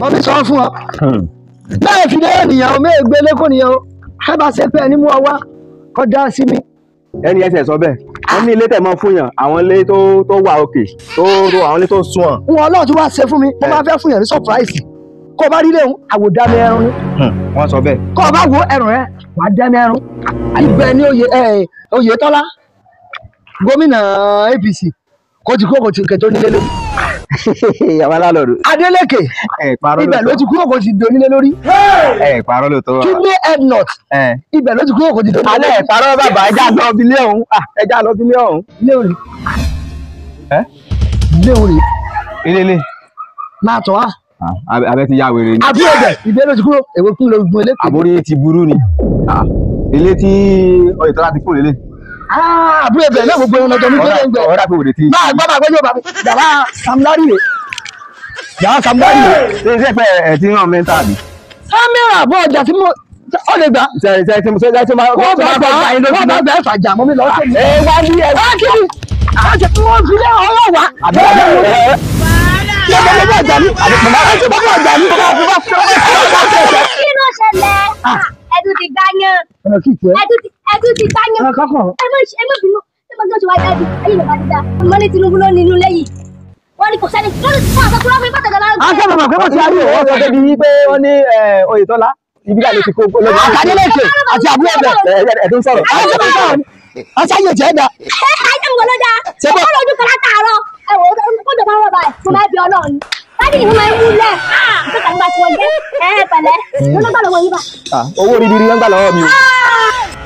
wọ́n fi sọ fún ọ. bẹ́ẹ̀ fi lẹ́yìn nìyàwó méègbé lẹ́kọ̀ọ́ nìyàwó ẹ bá ṣe pé ẹni mú ọ wá kọ́ dá sí mi. ẹni ẹsẹ̀ sọ bẹ́ẹ̀ wọ́n ní ilé tẹ̀ mọ́ fún yàn àwọn ilé tó tó wà òkè tó tó àwọn ilé tó sún ọ̀. wọn ọlọ́run ti wá ṣe fún mi mo máa fẹ́ fún yàn ní surprise kó o bá rí ilé òun àwòdá mi ẹrun ni. wọ́n sọ bẹ́ẹ̀. kó o bá wo ẹrùn rẹ wàá dá mi ẹrun. ibẹ̀ ni oyè oyè tọ́lá gómìnà APC kò ti kúrò kò ti kẹtọ nílé lórí. yàrá lálọ́rù. Adeleke ibẹ̀ ló ti kúrò kò ti do nílé lórí. ìparọ́ ló tó wà. Tunde Ednut ibẹ̀ ló ti kúrò kò ti do nílé lórí. alẹ́ ìparọ́ bàbá ẹja lọ bílẹ̀ ọ̀hún ẹja lọ bílẹ̀ ọ̀hún. ilé òrì. ilé òrì. ilé ilé. máa tọ́ wa. abẹ ti ya wèrè ni. àbí ọ̀dẹ̀ ibẹ̀ ló ti kúrò èwo kún ló gun eléke. àbórí ti burú ni ilé tí ọ̀yẹ̀tọ́lá ti kúrò lélẹ̀ àbúrò ẹbẹ náà gbogbo ẹran ọjọ́ ní kéré ń gbẹ máa gbọ́ máa gbọ́ yóò bá mi yàrá samlari rè yàrá samlari rè. ṣé ṣe pé ẹ ti ràn mẹ́ta bi. sámẹ́rà àbọ̀ ọjà tí mo ọ lè gbà. ṣe ṣe ṣe mo ṣe ṣe máa kó máa gbà yín lójú. wọ́n bá gbà ẹ̀ fàjà mọ́ mi lọ́ọ́ sẹ́yìn. ẹ wá ní ẹ wá kí ni àjẹ tí wọ́n fi lé ọwọ́ wa. àbẹ̀rẹ̀ tàyàn ẹ tún ti tàyàn ẹ má bínú ẹ má gbọ́dọ̀ ṣe wá jáde ayé bàbá dídá ọmọ ní Tinubu ló ní inú lẹ́yìn wọ́n ní kò sẹ́ni lórí fún àtọ́kùn lọ́mọ ìbátà gàdá. a ń sábà pé wọ́n ti ayé wọ́n sọ débi pé wọ́n ní Oyètọ́lá ibi ká lè ti kó lọ́wọ́. àkàdé lè ṣe àti àbúrò ẹ̀bẹ̀ ẹ̀dùn sọ̀rọ̀. ọ̀sán yóò jẹ́ dà. ayé ń wọlé dá ọ̀pọ̀ lójú kan látàárọ̀ ẹ̀wọ̀n kó dọ̀bọ̀ wọ̀ báyìí mo máa bí ọlọ́run láti ìhun máa ń wúlẹ̀ owó ribiri ló lọ́wọ́ mi o.